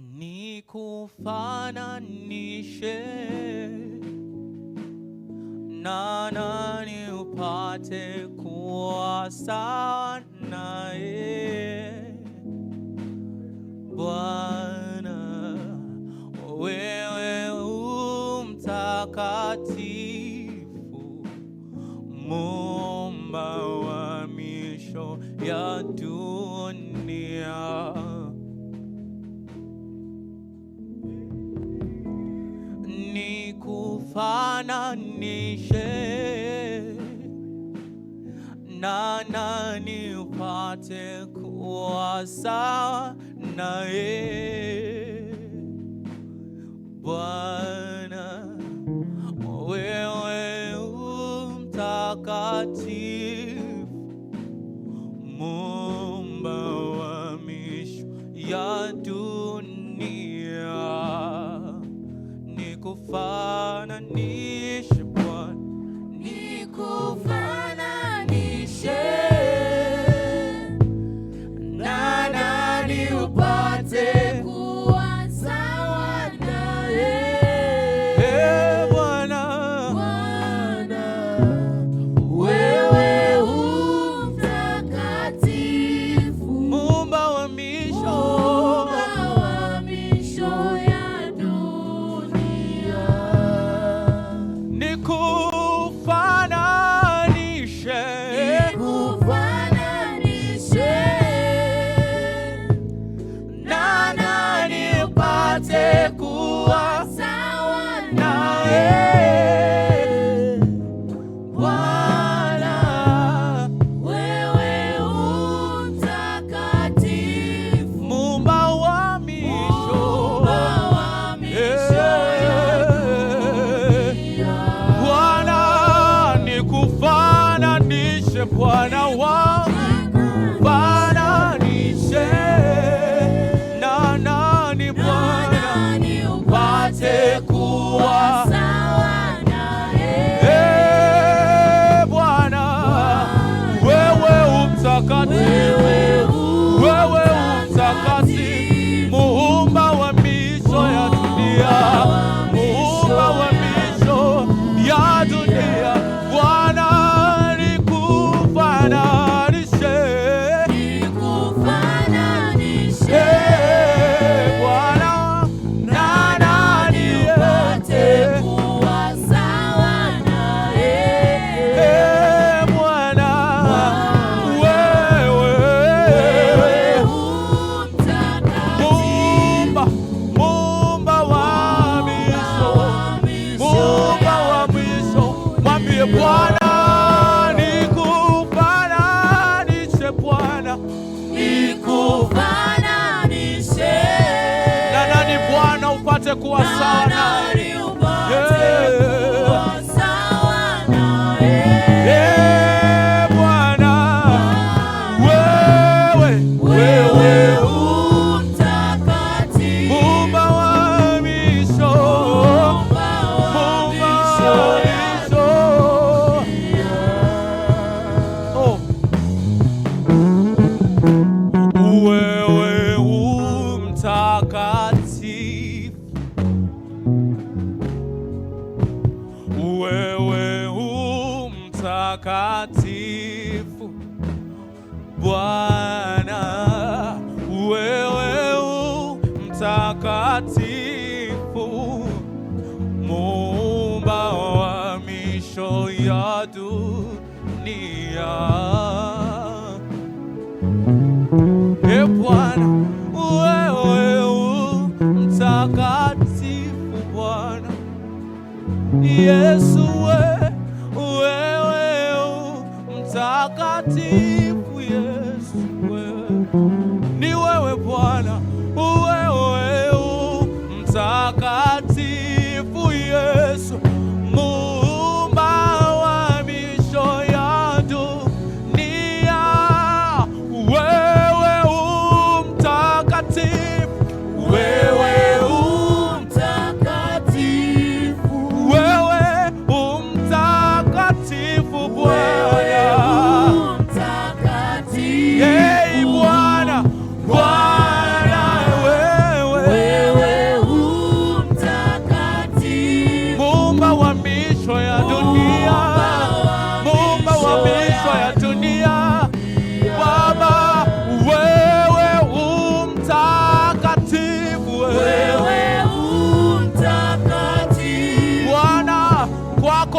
nikufananishe na nani upate kuwa sawa naye Bwana, wewe umtakatifu, muumba wa misho ya nifananishe na nani, upate kuwa sawa naye Bwana, wewe u kufana nishibwana nikufa Bwana wa mtakatifu Bwana Yesu, we wewe mtakatifu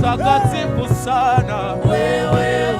mtakatifu sana wewe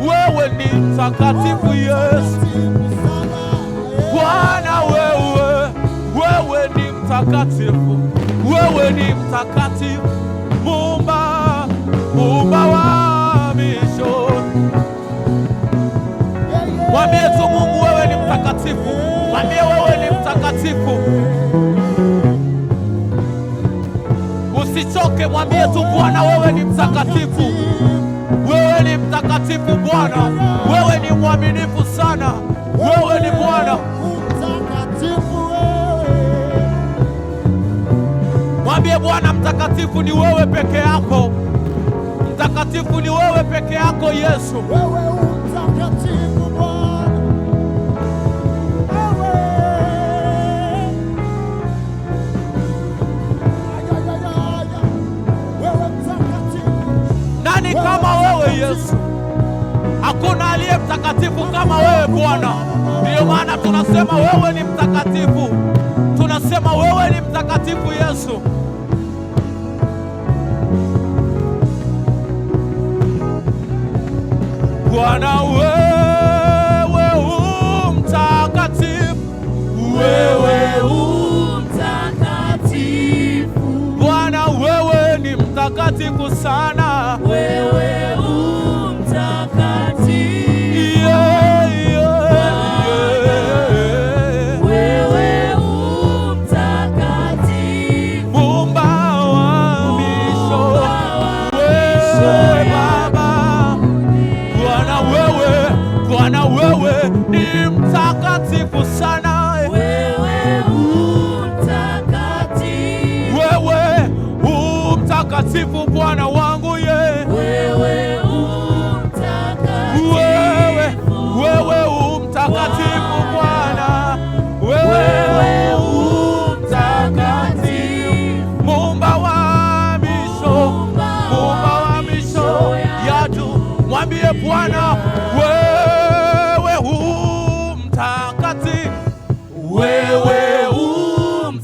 wewe ni mtakatifu Yesu. Bwana wewe, wewe ni mtakatifu, wewe ni mtakatifu, mumba Muumba wa misho. Mwambie tu Mungu wewe ni mtakatifu, mwambie wewe ni mtakatifu. Usichoke, mwambie tu Bwana wewe ni mtakatifu mtakatifu Bwana, wewe ni mwaminifu sana, wewe ni Bwana mwambie Bwana mtakatifu ni wewe peke yako, mtakatifu ni wewe peke yako Yesu. Nani kama wewe Yesu? Hakuna aliye mtakatifu kama wewe Bwana. Ndiyo maana tunasema wewe ni mtakatifu, tunasema wewe ni mtakatifu Yesu. Bwana wewe u mtakatifu, wewe u mtakatifu. Bwana wewe ni mtakatifu sana. Bwana, wewe u wewe u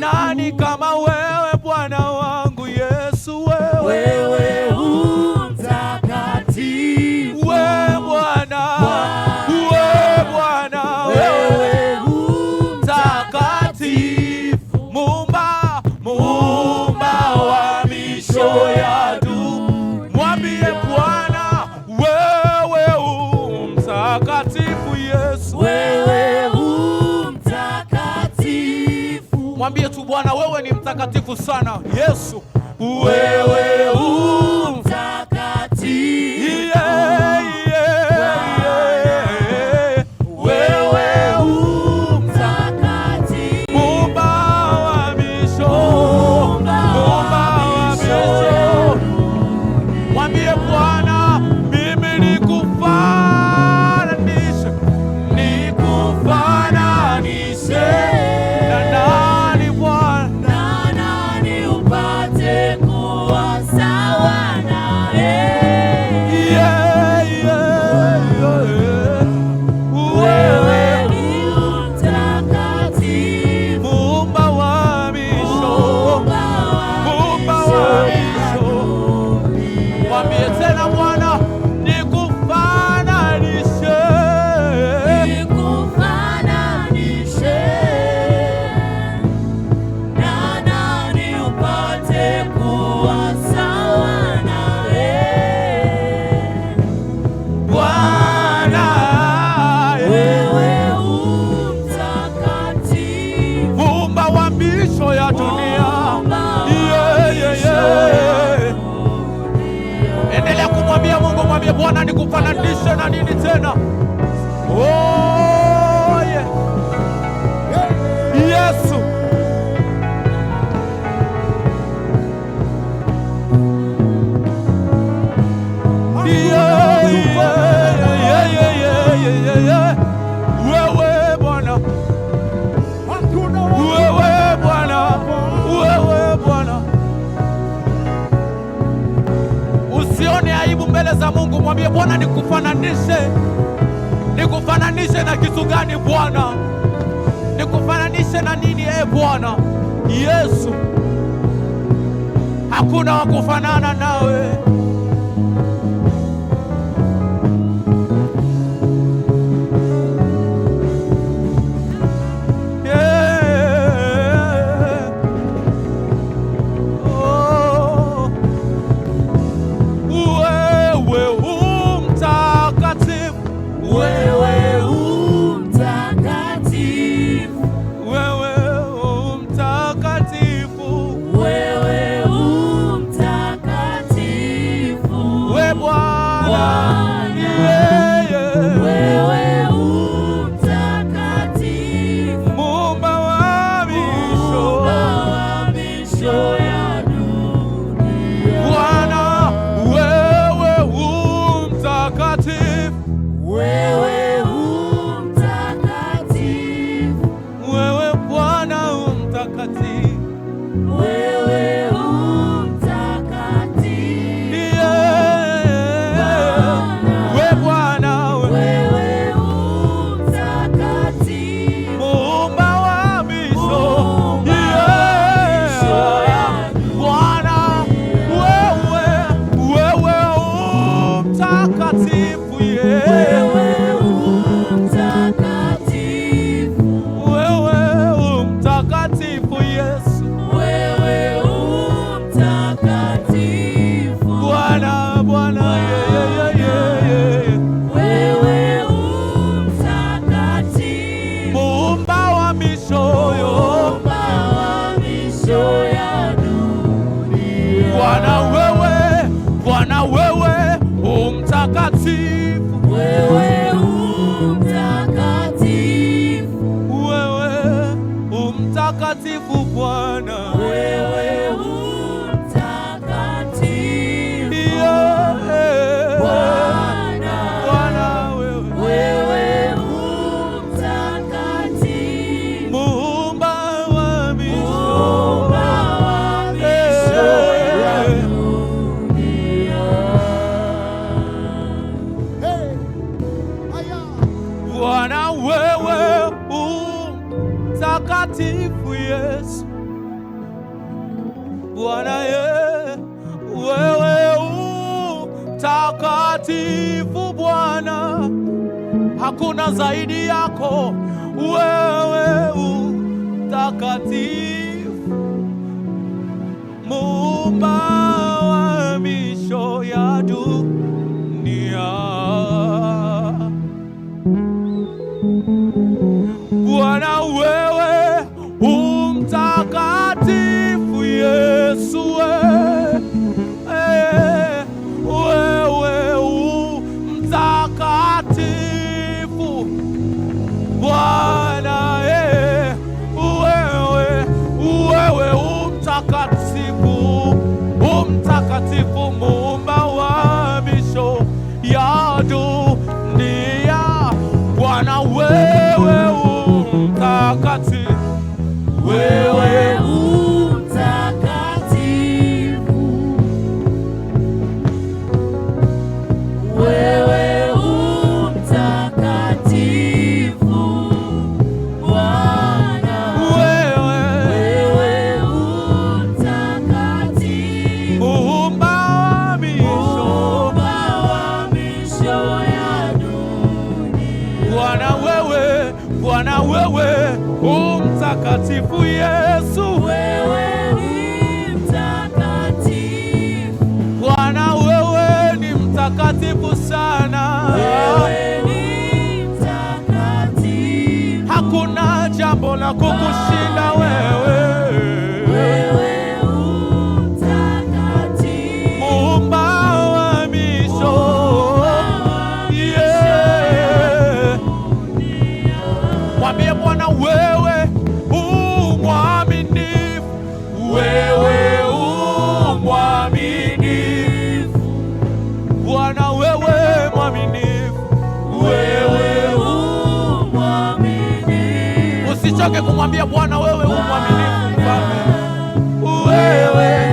nani kama wewe Bwana wangu Yesu, wewe wewe u wewe Bwana, wewe Bwana, wewe u mtakatifu, mtakatifu sana Yesu, wewe u Bwana, nikufananishe na nini tena? oh! Bwana, nikufananishe, nikufananishe na kitu gani Bwana? Nikufananishe na nini e Bwana Yesu? Hakuna wa kufanana nawe. Bwana wewe Bwana ye, wewe utakatifu Bwana, hakuna zaidi yako wewe utakatifu Muumba sana. hakuna jambo la kukushinda. utoke kumwambia Bwana, wewe u mwaminifu mfalme, wewe